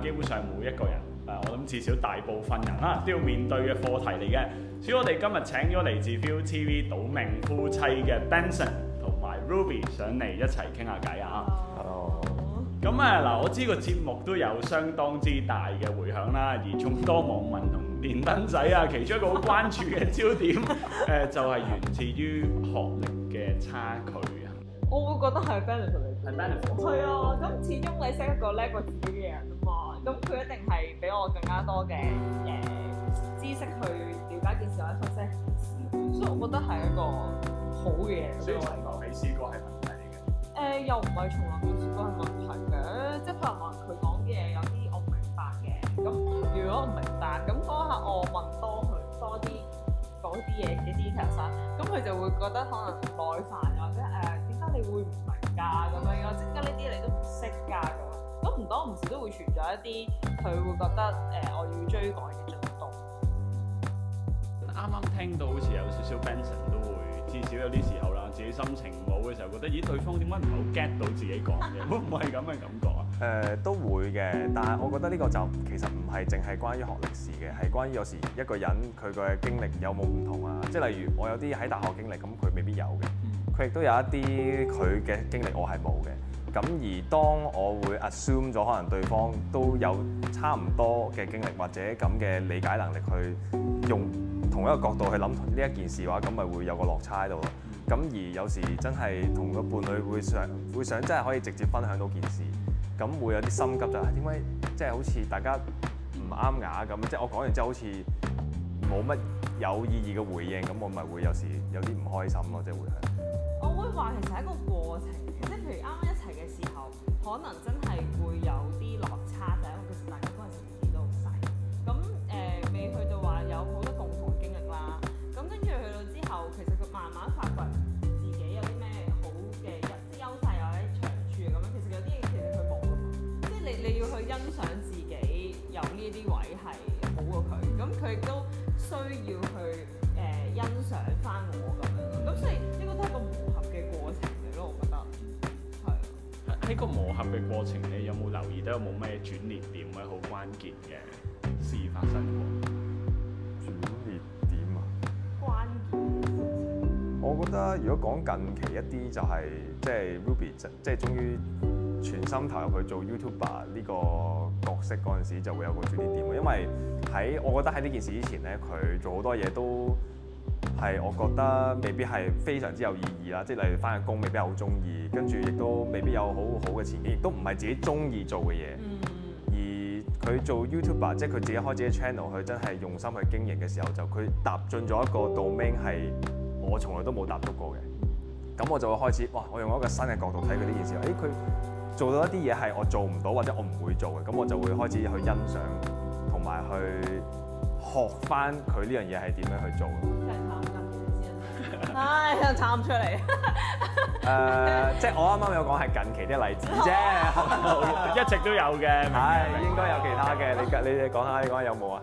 基本上每一個人，誒，我諗至少大部分人啦，都要面對嘅課題嚟嘅。所以我哋今日請咗嚟自 ViuTV 賭命夫妻嘅 Benson 同埋 Ruby 上嚟一齊傾下偈啊！Hello，咁誒嗱，我知個節目都有相當之大嘅迴響啦，而眾多網民同連登仔啊，嗯、其中一個好關注嘅焦點誒，就係源自於學歷嘅差距啊！我會覺得係 beneficial 係 beneficial 係啊！咁、嗯、始終你識一個叻過自己嘅人。咁佢一定係比我更加多嘅誒、呃、知識去了解件事，或者分析件事，所以我覺得係一個好嘅嘢。所以從我從來未試過係問題嚟嘅。誒、呃，又唔係從來未試過係問題嘅，即係可能佢講嘅嘢有啲我唔明白嘅。咁如果唔明白，咁嗰刻我問多佢多啲嗰啲嘢嘅 detail 翻，咁佢就會覺得可能耐煩，或者誒點解你會唔明㗎咁樣？我即刻呢啲你都唔識㗎。咁唔多唔少都會存在一啲，佢會覺得誒、呃，我要追趕嘅進度。啱啱聽到好似有少少 Benson 都會至少有啲時候啦，自己心情唔好嘅時候，覺得咦，對方點解唔好 get 到自己講嘅？會唔會係咁嘅感覺啊？誒、呃，都會嘅，但係我覺得呢個就其實唔係淨係關於學歷史嘅，係關於有時一個人佢嘅經歷有冇唔同啊。即係例如我有啲喺大學經歷，咁佢未必有嘅。佢亦、嗯、都有一啲佢嘅經歷我，我係冇嘅。咁而當我會 assume 咗可能對方都有差唔多嘅經歷或者咁嘅理解能力去用同一個角度去諗呢一件事嘅話，咁咪會有個落差喺度咯。咁而有時真係同個伴侶會想會想真係可以直接分享到件事，咁會有啲心急就點解即係好似大家唔啱牙咁？即係我講完之後好似冇乜有意義嘅回應，咁我咪會有時有啲唔開心咯，即係會。話其實係一個過程，即係譬如啱啱一齊嘅時候，可能真係會有啲落差，就係因為佢大家嗰陣時都好細，咁誒、呃、未去到話有好多共同經歷啦。咁跟住去到之後，其實佢慢慢發掘自己有啲咩好嘅優優勢或者長處咁樣。其實有啲嘢其實佢冇，即係你你要去欣賞自己有呢啲位係好過佢，咁佢都需要去誒、呃、欣賞翻。呢個磨合嘅過程，你有冇留意到有冇咩轉捩點咧？好關鍵嘅事發生過轉捩點啊！關鍵。我覺得如果講近期一啲就係即係 Ruby 即即係終於全心投入去做 YouTuber 呢個角色嗰陣時，就會有個轉捩點啊。因為喺我覺得喺呢件事之前咧，佢做好多嘢都。係，我覺得未必係非常之有意義啦。即係例如返嘅工未必好中意，跟住亦都未必有好好嘅前景，亦都唔係自己中意做嘅嘢。嗯、而佢做 YouTube，即係佢自己開自己嘅 channel，佢真係用心去經營嘅時候，就佢踏進咗一個 domain 係我從來都冇踏足過嘅。咁我就會開始，哇！我用一個新嘅角度睇佢啲嘢時，誒、欸、佢做到一啲嘢係我做唔到或者我唔會做嘅，咁我就會開始去欣賞同埋去學返佢呢樣嘢係點樣去做。唉，有人探出嚟。誒，即係我啱啱有講係近期啲例子啫， 一直都有嘅。係，應該有其他嘅。 你你講下，你講下有冇啊？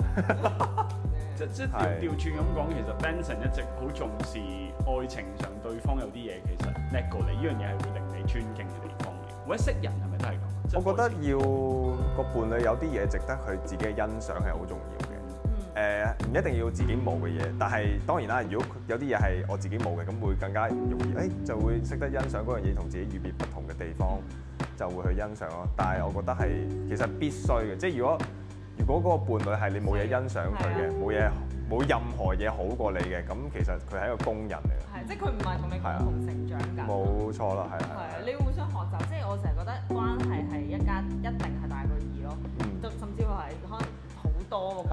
即即掉轉咁講，直直直直是其實 Benson 一直好重視愛情上對方有啲嘢，其實 neglect 你呢樣嘢係會令你尊敬嘅地方嘅。或者識人係咪都係咁？我覺得要個伴侶有啲嘢值得佢自己嘅欣賞係好重要。誒唔、呃、一定要自己冇嘅嘢，但係當然啦。如果有啲嘢係我自己冇嘅，咁會更加容易誒、欸，就會識得欣賞嗰樣嘢同自己與別不同嘅地方，就會去欣賞咯。但係我覺得係其實必須嘅，即係如果如果嗰個伴侶係你冇嘢欣賞佢嘅，冇嘢冇任何嘢好過你嘅，咁其實佢係一個工人嚟嘅，係即係佢唔係同你共同成長㗎，冇錯啦，係啊，你互相學習，即係我成。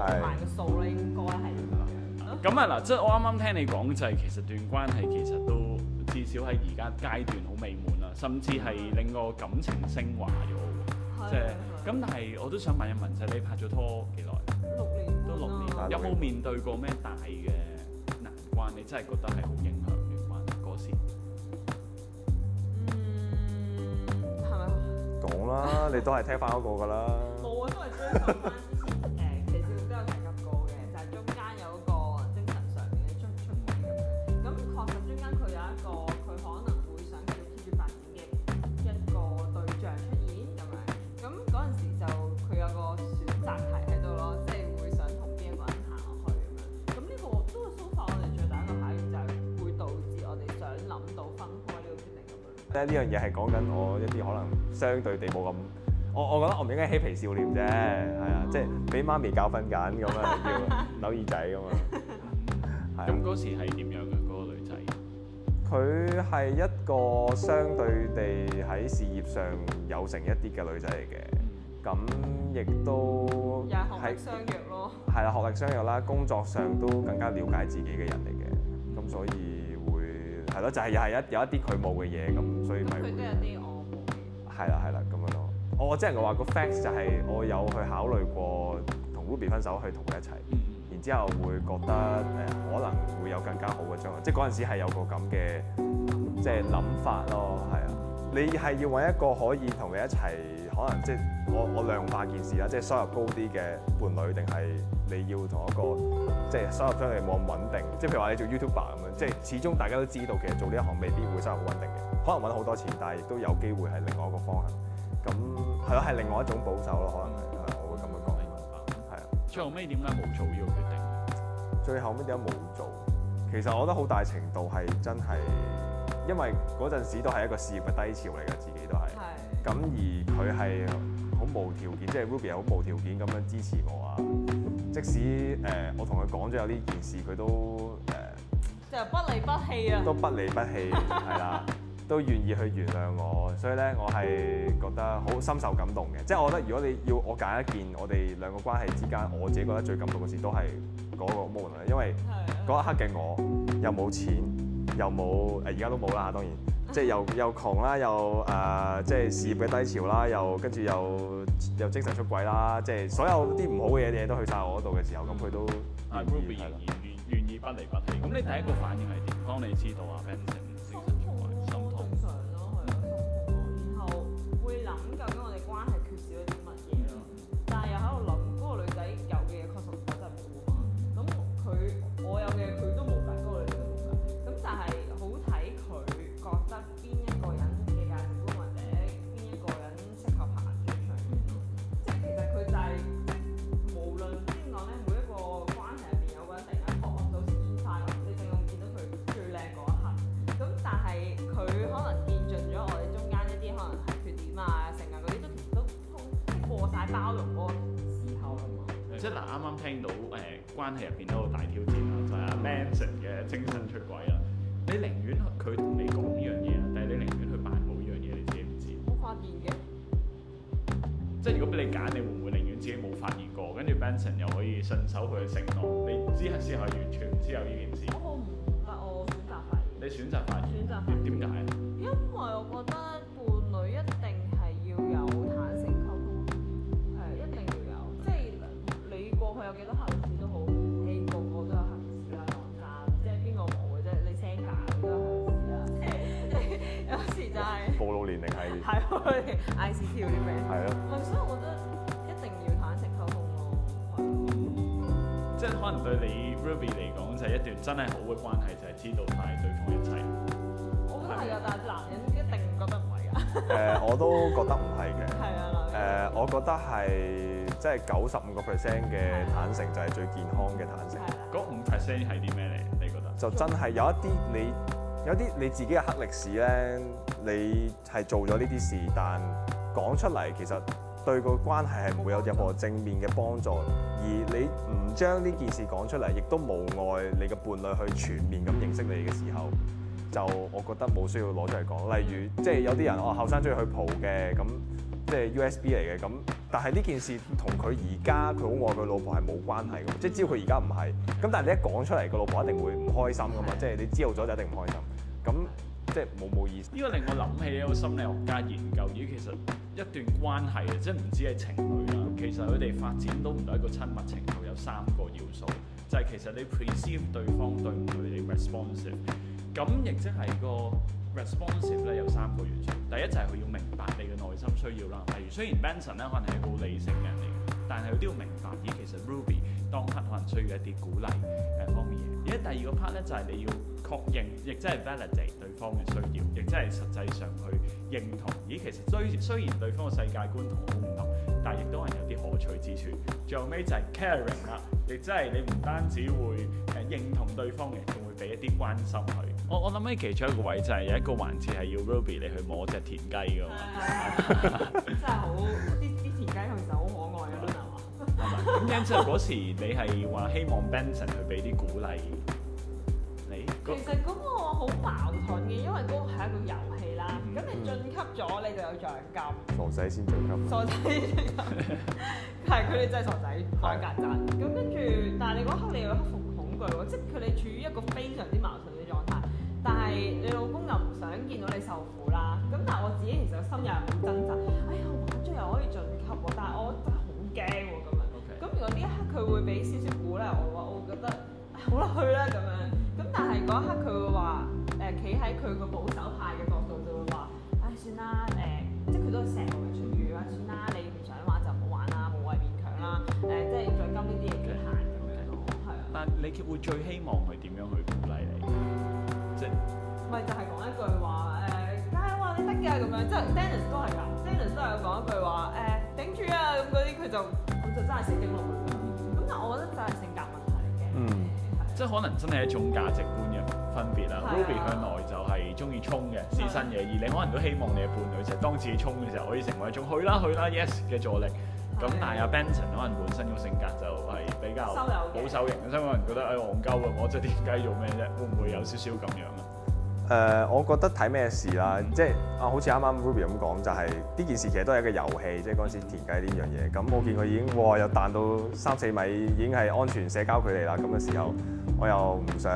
埋是個數咯、喔，應該係。咁啊嗱，即係、就是、我啱啱聽你講就係，其實段關係其實都至少喺而家階段好美滿啦，甚至係令個感情升華咗。即係咁，是是是但係我都想問一問就係，你拍咗拖幾耐？六年、啊、都六年。有冇、啊、面對過咩大嘅難關？你真係覺得係段關係好影響戀愛嗰時？嗯，係咪？講啦，你都係聽翻嗰個㗎啦。 冇 啊樂，都係呢樣嘢係講緊我一啲可能相對地冇咁，我我覺得我唔應該嬉皮笑臉啫，係、嗯、啊，即係俾媽咪教訓緊咁要扭耳仔咁 啊。咁嗰時係點樣嘅嗰、那個女仔？佢係一個相對地喺事業上有成一啲嘅女仔嚟嘅，咁亦、嗯、都係學歷相約咯，係啦、啊，學歷相約啦，工作上都更加了解自己嘅人嚟嘅，咁所以。係咯，就係又係一有一啲佢冇嘅嘢咁，所以咪。佢都有啲我冇嘅。係啦，係啦，咁樣咯。我即係話個 facts 就係、是、我有去考慮過同 Ruby 分手，去同佢一齊，嗯、然之後會覺得誒、呃、可能會有更加好嘅將來，嗯、即係嗰陣時係有個咁嘅即係諗法咯，係啊。你係要揾一個可以同你一齊，可能即係我我量化件事啦，即係收入高啲嘅伴侶，定係你要同一個即係收入相對冇咁穩定？即係譬如話你做 YouTuber 咁樣，即係始終大家都知道其實做呢一行未必會收入好穩定嘅，可能揾好多錢，但係亦都有機會係另外一個方向。咁係咯，係另外一種保守咯，可能係，我會咁樣講。係啊，最後尾點解冇做呢個決定？最後尾點解冇做，其實我覺得好大程度係真係。因為嗰陣時都係一個事業嘅低潮嚟嘅，自己都係。咁是而佢係好無條件，即係 Ruby 好無條件咁樣支持我啊！即使誒、呃、我同佢講咗有呢件事，佢都誒。呃、就係不離不棄啊！都不離不棄，係啦， 都願意去原諒我，所以咧我係覺得好深受感動嘅。即係我覺得如果你要我揀一件我哋兩個關係之間我自己覺得最感動嘅事，都係嗰個 moment，因為嗰一刻嘅我又冇錢。又冇誒而家都冇啦，當然，啊、即係又又窮啦，又誒、呃、即係事業嘅低潮啦，又跟住又又精神出軌啦，即係所有啲唔好嘅嘢嘢都去晒我度嘅時候，咁佢、嗯、都願意係啦、啊了，願意不離不棄，咁你第一個反應係點，當你知道啊，Benson 心痛咯，正常咯，係啊，心痛咯，然後會諗究竟我哋。關係入邊都好大挑戰啊，就係阿 Benson 嘅精神出軌啦。你寧願佢同你講呢樣嘢，但係你寧願去扮冇呢樣嘢，你知唔知？冇發現嘅。即係如果俾你揀，你會唔會寧願自己冇發現過，跟住 Benson 又可以順手去承諾，你之後先係完全唔知有呢件事？我好唔，我選擇發現。你選擇發現？選擇發現。點解？為因為我覺得。I C Q 啲 friend，係咯。所以我覺得一定要坦誠溝通咯。即係可能對你 Ruby 嚟講， 就係一段真係好嘅關係，就係知道晒對方一切。我覺得係㗎，但係男人一定唔覺得唔係㗎。誒 ，uh, 我都覺得唔係嘅。係啊。誒，我覺得係即係九十五個 percent 嘅坦誠就係、是、最健康嘅坦誠。嗰五 percent 係啲咩嚟？你覺得？就真係有一啲你，有一啲你自己嘅黑歷史咧。你係做咗呢啲事，但講出嚟其實對個關係係唔會有任何正面嘅幫助。而你唔將呢件事講出嚟，亦都無礙你嘅伴侶去全面咁認識你嘅時候，就我覺得冇需要攞出嚟講。例如，即係有啲人啊，後生中意去蒲嘅，咁即係 USB 嚟嘅。咁但係呢件事同佢而家佢好愛佢老婆係冇關係嘅嘛？即係只要佢而家唔係，咁但係你一講出嚟，個老婆一定會唔開心噶嘛？即係的你知道咗就一定唔開心。咁即係冇冇意思。呢個令我諗起一個心理學家研究，咦，其實一段關係啊，即係唔止係情侶啦。其實佢哋發展到唔到一個親密程度，有三個要素，就係、是、其實你 perceive 對方對唔對你 responsive。咁亦即係個 responsive 咧有三個元素，第一就係佢要明白你嘅內心需要啦。例如雖然 Benson 咧可能係好理性嘅。但係佢都要明白，咦，其實 Ruby 當刻可能需要一啲鼓勵誒方面嘢。而家第二個 part 咧，就係、是、你要確認，亦即係 validate 對方嘅需要，亦即係實際上去認同。咦，其實雖雖然對方嘅世界觀同我唔同，但係亦都係有啲可取之處。最後尾就係 caring 啦，真你即係你唔單止會誒認同對方嘅，仲會俾一啲關心佢。我我諗起其中一個位，就係有一個環節係要 Ruby 你去摸隻田雞㗎喎。啊、 真係好。咁然之後嗰時，你係話希望 Benson 去俾啲鼓勵你。其實嗰個好矛盾嘅，因為嗰個係一個遊戲啦。咁你進級咗，你就有獎金。傻仔先進級。傻仔先進級，但係佢哋真係傻仔，扮曱甴。咁跟住，但係你嗰刻你有啲恐懼喎，即係佢哋你處於一個非常之矛盾嘅狀態。但係你老公又唔想見到你受苦啦。咁但係我自己其實心入係好掙扎。哎呀，好緊張又可以進級喎，但係我真係好驚喎咁。嗰啲一刻佢會俾少少鼓勵我喎，我會覺得好落去啦咁樣。咁但係嗰一刻佢會話誒，企喺佢個保守派嘅角度就會話，唉、哎，算啦誒、呃，即係佢都成日唔出於啊，算啦，你唔想玩就唔好玩啦，冇謂勉強啦。誒、呃，即係再今呢啲嘢唔限，咁白樣咯。係啊樣。但係你會最希望佢點樣去鼓勵你？即係咪就係、是、講一句話誒？梗係話你得嘅。」咁樣，即係 Dennis 都係㗎，Dennis 都係講一句話誒、呃，頂住啊咁，嗰啲佢就。就真係性格問題，咁但係我覺得就係性格問題嘅，嗯，的即係可能真係一種價值觀嘅分別啦。嗯、Ruby 向來就係中意衝嘅、自身嘅，的而你可能都希望你嘅伴侶就係當自己衝嘅時候可以成為一種去啦，去啦、去啦、yes 嘅助力。咁的但係阿 Benson 可能本身個性格就係比較保守型嘅，所以可能覺得誒戇鳩啊，我即係點解做咩啫？會唔會有少少咁樣啊？誒、呃，我覺得睇咩事啦，即係啊，好似啱啱 Ruby 咁講，就係、是、呢件事其實都係一個遊戲，即係嗰陣時田雞呢樣嘢。咁我見佢已經哇，又彈到三四米，已經係安全社交距離啦。咁、這、嘅、個、時候，我又唔想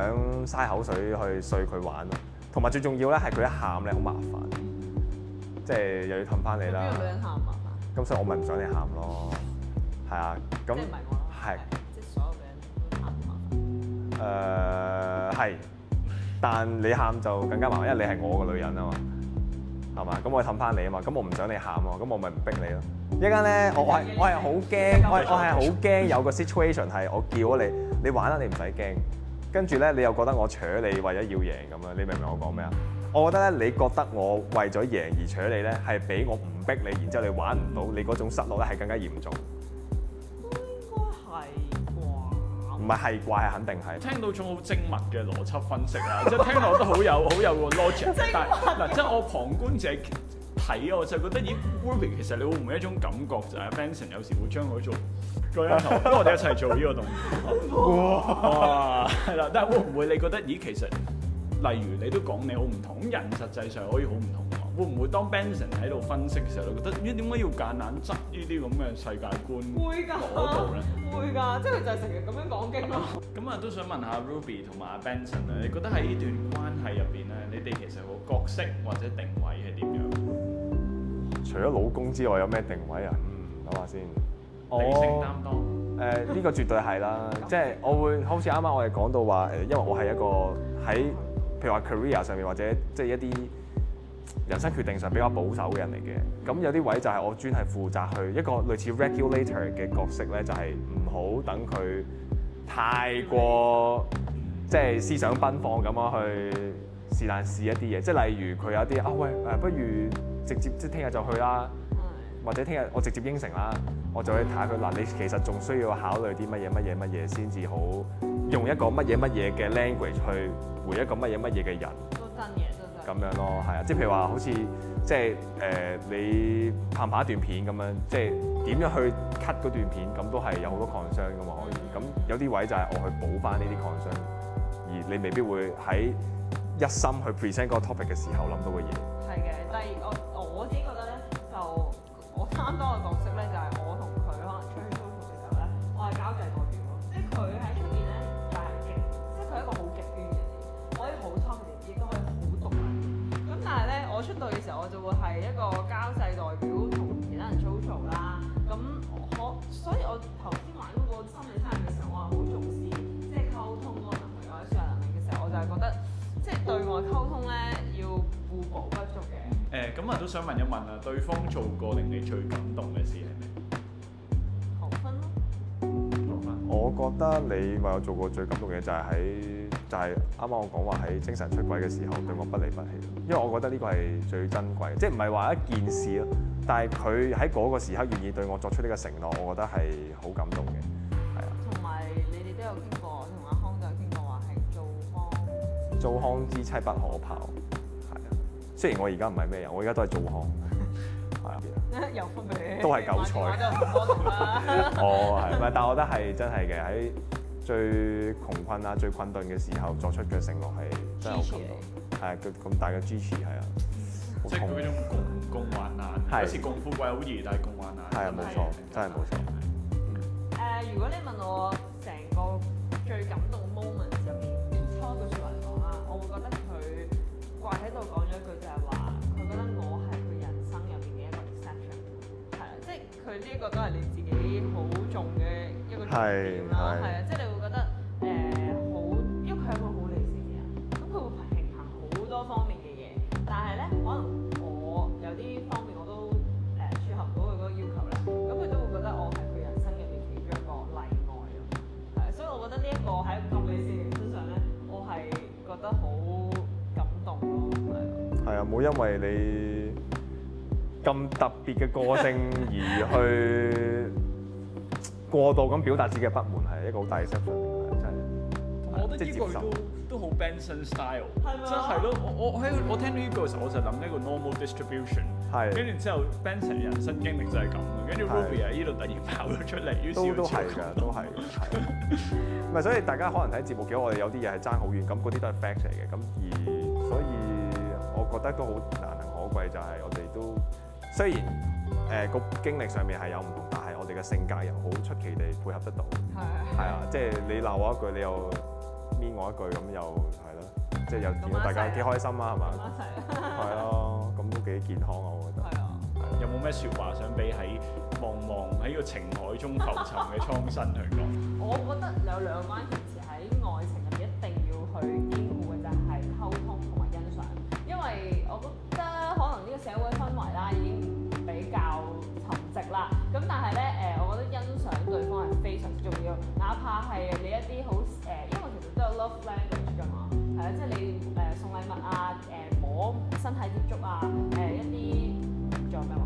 嘥口水去碎佢玩。同埋最重要咧，係佢一喊咧好麻煩，嗯、即係又要氹翻你啦。邊個女人喊麻煩？咁所以我咪唔想你喊咯。係啊，咁即係唔係我係。是是即所有嘅人都喊麻煩。誒係。但你喊就更加麻煩，因為你係我個女人啊嘛，係嘛？咁我氹翻你啊嘛，咁我唔想你喊喎，咁我咪唔逼你咯。一陣間咧，我係我係好驚，我我係好驚有個 situation 係我叫咗你，你玩啦，你唔使驚。跟住咧，你又覺得我扯你為咗要贏咁樣，你明唔明我講咩啊？我覺得咧，你覺得我為咗贏而扯你咧，係畀我唔逼你，然之後你玩唔到，你嗰種失落咧係更加嚴重。唔係係怪啊，肯定係聽到種好精密嘅邏輯分析啊，即係 聽落都好有好有個 logic。但係嗱，即係我旁觀者睇我就覺得咦，Ruby，其實你會唔會一種感覺就係 Benson 有時會將嗰做嗰樣， 因為我哋一齊做呢個動作。 哇！係啦，但係會唔會你覺得咦？其實例如你都講你好唔同人，實際上可以好唔同。會唔會當 Benson 喺度分析嘅時候，你覺得點解要夾硬執呢啲咁嘅世界觀嗰度咧？會㗎，即係佢就成日咁樣講極咯。咁 啊，都想問下 Ruby 同埋 Benson 啊，你覺得喺呢段關係入邊咧，你哋其實個角色或者定位係點樣？除咗老公之外，有咩定位啊？嗯，諗下先。理性擔當。誒，呢、呃呢個絕對係啦， 安即係我會好似啱啱我哋講到話誒，因為我係一個喺、哦、譬如話 career 上面或者，或者即係一啲，人生決定上比較保守嘅人嚟嘅，咁有啲位就係我專係負責去一個類似 regulator 嘅角色咧，就係唔好等佢太過即係、就是、思想奔放咁樣去是但試一啲嘢，即係例如佢有啲啊喂誒、啊，不如直接即係聽日就去啦，或者聽日我直接應承啦，我就去睇下佢嗱，你其實仲需要考慮啲乜嘢乜嘢乜嘢先至好用一個乜嘢乜嘢嘅 language 去回一個乜嘢乜嘢嘅人。咁樣咯，係啊，即係譬如話好似即係誒、呃、你拍拍一段片咁樣，即係點樣去 cut 嗰段片，咁都係有好多 concern 㗎嘛，可以。咁有啲位就係我去補翻呢啲 concern，而你未必會喺一心去 present 嗰個 topic 嘅時候諗到嘅嘢。係嘅，但係我我自己覺得咧，就我啱啱對外溝通呢，要互補不足嘅。誒、欸，咁啊都想問一問啊，對方做過令你最感動嘅事係咩？學分咯。學分。我覺得你為我做過最感動嘅就係喺，就係啱啱我講話喺精神出軌嘅時候對我不離不棄。因為我覺得呢個係最珍貴，即係唔係話一件事咯，但係佢喺嗰個時刻願意對我作出呢個承諾，我覺得係好感動嘅。糟糠之妻不可拋，係啊！雖然我而家唔係咩人，我而家都係糟糠，係啊！ 都係韭菜。 哦，係，唔係，但係我覺得係真係嘅，喺最窮困啊、最困頓嘅時候作出嘅承諾係真係好感動，係啊！咁咁大嘅支持係啊！即係佢嗰種共共患難，好似共富貴好易，但係共患難係啊！冇錯，對真係冇錯。誒，如果你問我成個最感動。怪喺度講咗一句就係話，佢覺得我係佢人生入面嘅一個 exception，係啊，即係佢呢一個都係你自己好重嘅一個重點啦，係啊，即係你會覺得誒、呃、好，因為佢係一個好理性嘅人，咁佢會平衡好多方面嘅嘢，但係咧可能我有啲方面我都誒符合唔到佢嗰個要求咧，咁佢都會覺得我係佢人生入面其中一個例外咯，係，所以我覺得呢一個喺咁理性嘅身上咧，我係覺得好。係啊，冇因為你咁特別嘅個性而去過度咁表達自己嘅不滿，係一個好大嘅失分，真係。我覺得呢個都都好 Benson style，真係咯。我我我聽呢句嘅時候，我就諗呢個 Normal Distribution，係的。跟住之後，Benson 嘅人生經歷就係咁跟住 Ruby 喺呢度突然爆咗出嚟，都都係嘅，都係嘅。唔係， 所以大家可能睇節目幾我哋有啲嘢係爭好遠，咁嗰啲都係 fact 嚟嘅，咁而。我覺得都好難能可貴，就係、是、我哋都雖然誒個、呃、經歷上面係有唔同，但係我哋嘅性格又好出奇地配合得到，係啊，啊即係你鬧我一句，你又搣我一句，咁又係咯、啊，即係又見到大家幾開心啊，係嘛？係啊，係咯，咁都幾健康啊，我覺得。係啊。 啊有冇咩説話想俾喺茫茫喺個情海中浮沉嘅蒼生去講？ 我覺得有兩方面。啲好誒，因為其實都有 love language 嘅嘛，係啊，即係你誒送禮物啊，誒摸身體接觸啊，誒一啲仲有咩話？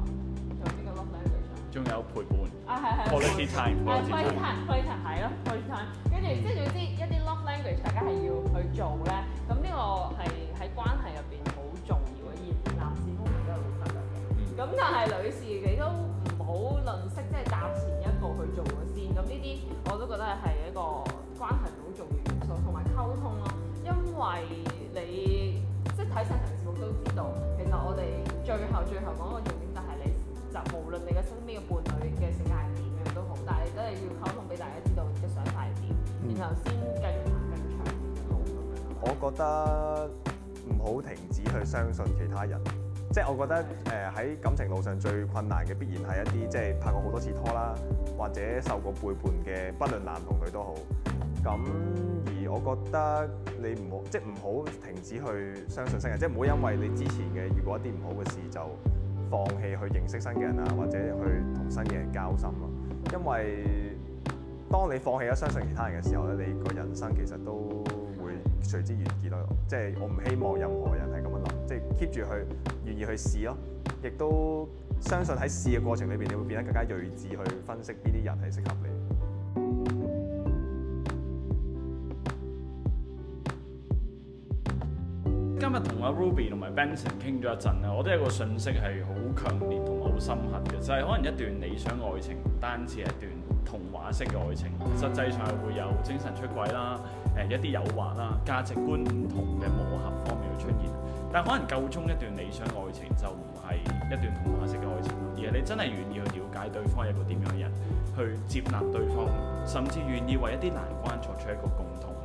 仲有呢個 love language。仲有陪伴啊，係係 quality time，quality time，quality time，係咯，quality time。跟住，跟住啲一啲 love language 大家係要去做咧。咁呢個係喺關係入邊好重要嘅，而男士方面都係好實質嘅。咁但係女士嘅。都知道，其實我哋最後最後講個重點就係你，就無論你嘅身邊嘅伴侶嘅性格係點樣都好，但係都係要溝通俾大家知道嘅想法係點，然後先繼續行更長更好咁樣。我覺得唔好停止去相信其他人，即係我覺得誒喺感情路上最困難嘅必然係一啲即係拍過好多次拖啦，或者受過背叛嘅，不論男同女都好。咁而我覺得你唔好，即係唔好停止去相信新人，即係唔好因為你之前嘅如果一啲唔好嘅事就放棄去認識新嘅人啊，或者去同新嘅人交心咯，因為當你放棄咗相信其他人嘅時候咧，你個人生其實都會隨之完結咯。即係我唔希望任何人係咁樣諗，即係 keep 住去願意去試咯，亦都相信喺試嘅過程裏邊你會變得更加睿智去分析邊啲人係適合你。今日同阿 Ruby 同埋 Benson 傾咗一陣啊，我都有個訊息係好強烈同埋好深刻嘅，就係、是、可能一段理想愛情單止係一段童話式嘅愛情，實際上係會有精神出軌啦，誒一啲誘惑啦，價值觀唔同嘅磨合方面會出現，但可能構築一段理想愛情就唔係一段童話式嘅愛情咯，而係你真係願意去了解對方係一個點樣嘅人，去接納對方，甚至願意為一啲難關作出一個共同。